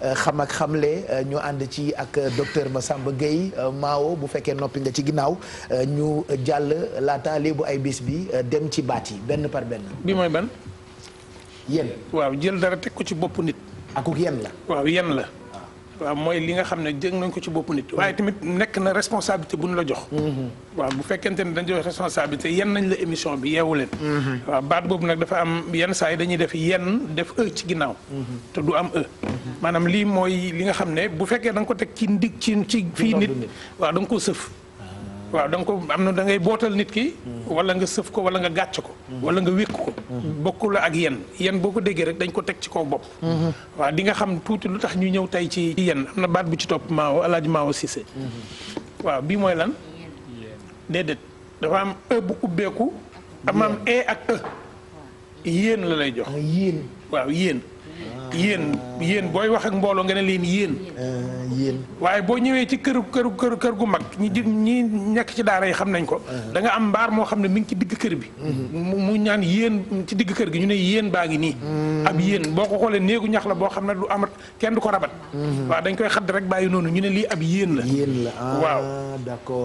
xam ak xamle euh, ñu ànd ci ak euh, docteur Massamba Gueye euh, Mao bu fekkee noppi nga ci ginnaaw ñu jàll laata bu ay bis bi dem ci baat yi benn par benn. bi mooy ban. yéen. waaw jël dara teg ko ci bopp nit. akuk yenn la. waaw yéen la. waaw mooy li nga xam ne jëg nañ ko ci bopp nit waaye tamit nekk na responsabilité bu ñu la jox mm-hmm. waaw bu fekkente ne dañ jox responsabilité yenn nañ la émission bi yeewu leen mm-hmm. waaw baat boobu nag dafa am yenn saa yi dañuy def yenn def e ci ginnaaw mm-hmm. te du am e maanaam lii mooy li nga xam ne bu fekkee da nga ko teg ci ndig ci ci fii nit waaw da nga koo sëf waaw da ko am na dangay bootal nit ki. wala nga sëf ko wala nga gàcc ko. wala nga wékk ko. bokkul ak yenn yen boo ko déggee rek dañ ko teg ci kaw bopp. waaw di nga xam tuuti lu tax ñu ñëw tey ci yen am na baat bu ci topp Maawo El Hadj Maawo Cissé. waaw bii mooy lan. déedéet dafa am e bu ubbeeku. am am e ak e. yéen la lay jox. Ah, yéen waaw yéen. yéen yéen booy wax ak mbooloo nga ne leen yéen. Euh, yéen waaye boo ñëwee ci kër kër kër gu mag ñi ji ñi nekk ci daara yi xam nañ ko. Euh. danga am mbaar moo xam ne mi ngi ci digg kër bi. Mm-hmm. mu ñaan yéen ci digg kër gi ñu ne yéen baa ngi nii. Mm-hmm. ab yéen boo ko xoolee néegu ñax la boo xam ne du amat kenn du ko rabat. Mm-hmm. waaw dañ koy xadd rek bàyyi noonu ñu ne lii ab yéen la. yéen la ah, waaw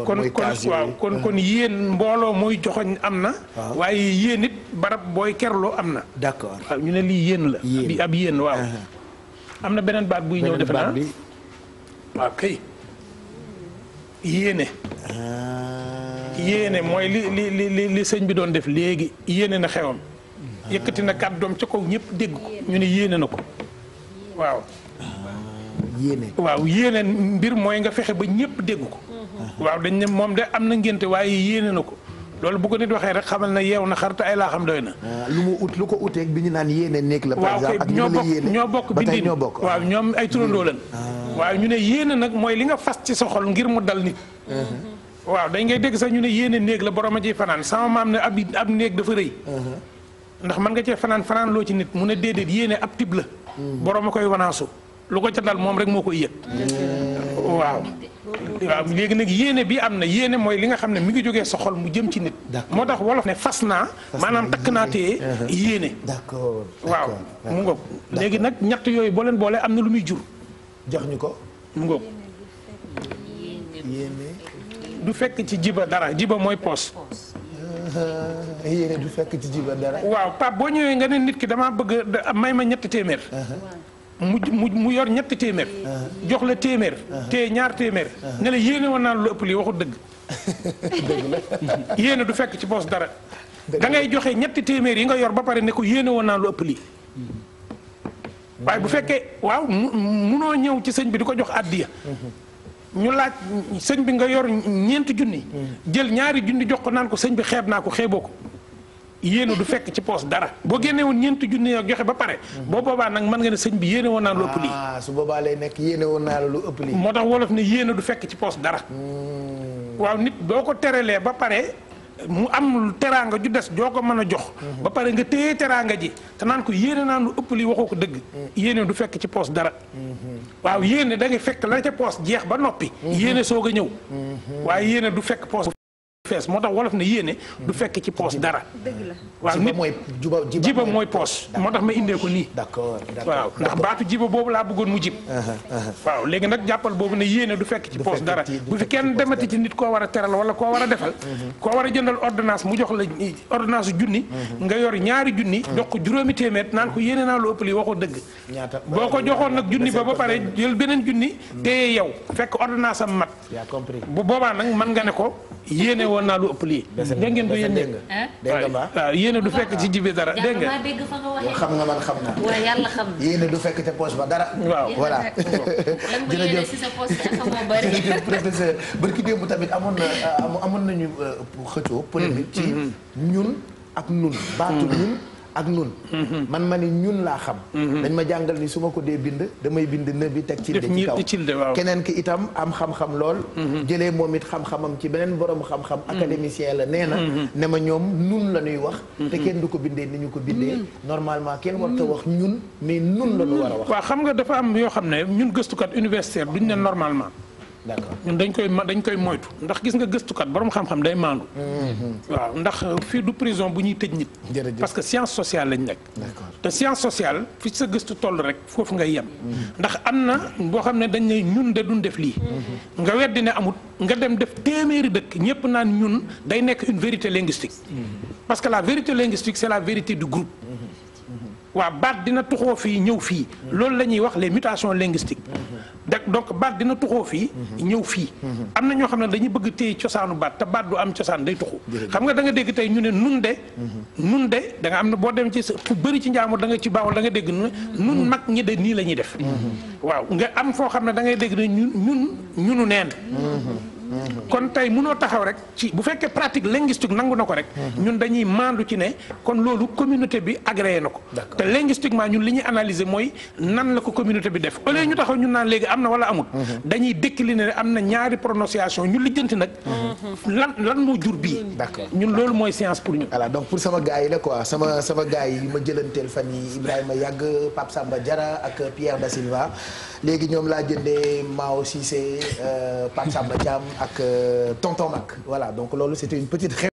kon kon waaw kon mm. kon yéen mbooloo mooy joxoñ am na. Ah. waaye yéen it barab booy kerloo am na. d'accord ñu ne lii yéen la. ab yéen waaw. am na beneen baat buy ñëw defe naa beneen baat waaw kay. yéene. Ah. yéene mooy li li li li sëñ bi doon def léegi yéene na xewam. Ah. yëkkati na doom ci kaw ñëpp dégg ko ñu ne yéene na ko waaw. Ah. yéene waaw yéene mbir mooy nga fexe ba ñëpp dégg ko. waaw dañ ne moom de am na ngénte waaye yéene na ko. loolu bu ko nit waxee rek xamal na yeew na xar ay laa xam doy na. Ah, lu mu ut lu ko uteeg bi ñu naan yéene nekk la. par exemple ak ñu la yéene ñoo bokk bindin waaw ñoom ay turandoo lan mm-hmm. ah. waaw ñu ne yéene nag mooy li fas ci sa ngir mu dal nit. Mm-hmm. waaw dañ ngay dégg sax ñu ne yéene néeg la borom a ciy fanaan sama maam ne ab ab néeg dafa rëy. Mm-hmm. ndax mën nga cee fanaan fanaan loo ci nit mu a déedéet yéene ab tib la. borom a koy wanaasu lu ko ca dal moom rek moo koy yëg. waaw. waaw léegi nag yéene bi am na yéene mooy li nga xam ne mi ngi jógee sa xol mu jëm ci nit moo tax wolof ne fas naa maanaam takk naa téye uh-huh. yéene d'accord waaw mu ngoog léegi nag ñett yooyu boo leen boolee am na lu muy jur jox ñu ko mu fekk ci jiba dara jiba mooy poos uh-huh. fekk ci jiba dara waaw Pape boo ñëwee nga ne nit ki damaa bëgg may ma ñetti téeméer uh-huh. mu mu mu yor ñetti téeméer. Uh-huh. jox la téeméer. Uh-huh. te ñaar téeméer. Uh-huh. ne la yéene woon naa lu ëpp lii waxut dëgg. dëgg yéene du fekk ci poos dara. da ngay joxe ñetti téeméer yi nga yor ba pare ne ko yéene woon naa lu ëpp lii. Mm-hmm. waaye bu fekkee waaw munoo ñëw ci sëñ bi di ko jox addiya mm-hmm. ñu laaj sëñ bi nga yor ñeenti junni. Mm-hmm. jël ñaari junni jox ko naan ko sëñ bi xeeb naa ko xeeboo ko. yéene du fekk ci poos dara boo génne woon ñeenti junne yoo joxe ba pare boo boobaa nag man nga ne sëñ bi yéene woon naa lu ëpp lii ah, nekk yéene woon naa lu ëpp lii moo tax wolof ne yéene du fekk ci poos dara hmm. waaw nit boo ko terelee ba pare mu am teraanga ju des joo ko mën a jox hmm. ba pare nga téye teraanga ji te naan ko yéene naan lu ëpp li waxoo ko dëgg hmm. yéene fekk ci poos dara waaw yéene da nga fekk la ca poos jeex ba noppi yéene soog a ñëw waaye yéene du fekk poos fees moo tax wolof na yéene du fekk ci poos dara waaw nit jiba mooy poos moo tax ma indee ko nii waaw ndax baatu jiba boobu laa bëggoon mu jib uh-huh, uh-huh. waaw léegi nag jàppal boobu ne yéene du fekk ci poos dara bu fi kenn demati ci nit koo war a teral wala koo war a defal uh-huh. koo war a jëndal ordonnance mu jox la ordonnance junni nga yor ñaari junni jox ko juróomi téeméer naan ko yéene naa lu ëpp li waxoo dëgg boo ko joxoon nag junni ba ba pare jël beneen junni téye yow fekk ordonnance am mat bu boobaa yéene woon naa lu ëpp lii. dégg ngeen ko yéen dégg nga yéene du fekk ci jibe dara dégg nga. xam nga man xam naa. waaw yàlla na du fekk ca poche ba dara. waaw voilà. jërëjëf ki barki démb tamit amoon na euh, amoon nañu euh, xëccoo. polémique ci mm-hmm. ñun ak mm-hmm. ñun. baatu ñun. ak nun mhm. man ma ni ñun laa xam mhm. dañ ma jàngal ni su ma ko dee bind damay bind ne bi teg cilde ci kaw keneen ki itam am xam-xam lool mhm. jëlee moom it xam-xamam ci beneen borom xam-xam académicien la nee na ne ma ñoom nun la ñuy wax te kenn du ko bindee ni ñu ko bindee normalement kenn warta wax ñun mais nun la ñu war a wax waaw xam nga dafa am yoo xam ne ñun gëstukat universitaire ñu ne normalement d'accord dañ koy dañ koy moytu ndax gis nga gëstukat borom xam-xam day maandu. Mm-hmm. waaw ndax fii du prison bu ñuy tëj nit. parce que science sociale lañ nekk. te science sociale fi sa gëstu toll rek foofu ngay yem. Mm-hmm. ndax am na boo xam ne dañ ne ñun de duñ def lii. Mm-hmm. nga weddi ne amut nga dem def téeméeri dëkk ñëpp naan ñun day nekk une vérité linguistique. parce que la vérité linguistique c'est la vérité du groupe. waa baat dina tuxoo fii ñëw fii. loolu la ñuy wax les mutations linguistiques. donc baat dina tuxoo fii mhm. ñëw fii mhm. am na ñoo xam ne dañuy bëgg téye cosaanu baat te baat du am cosaan day tuxu xam nga danga dégg tey ñu ne nun de mhm. nun de danga am na boo dem ci fu bëri ci njaamur da nga ci baawul danga nga dégg nun nun mag ñi de nii la ñuy def waaw nga am foo xam ne dangay ngay dégg ne ñun ñun ñunu neen kon tey munoo taxaw rek ci bu fekkee pratique linguistique nangu na ko rek. Mhm. ñun dañuy maandu ci ne kon loolu communauté bi agréé na ko. te linguistiquement ñun li ñu analyser mooy nan la ko communauté bi def. au ñu taxaw ñun naan léegi am na wala amul. Mhm. dañuy décliner ne am na ñaari prononciation ñu lijjanti nag. Mhm. lan lan moo jur bii. ñun loolu mooy science pour ñun. voilà donc pour sama gars yi la quoi sama sama gars yi ma jëlanteel fan yi Ibrahima Yàgg Pape Samba jara ak Pierre Da Silva léegi ñoom laa jëndee Mao Cissé euh, Pape Samba Thiam. ak euh, tonton Mac voilà donc loolu c'était une petite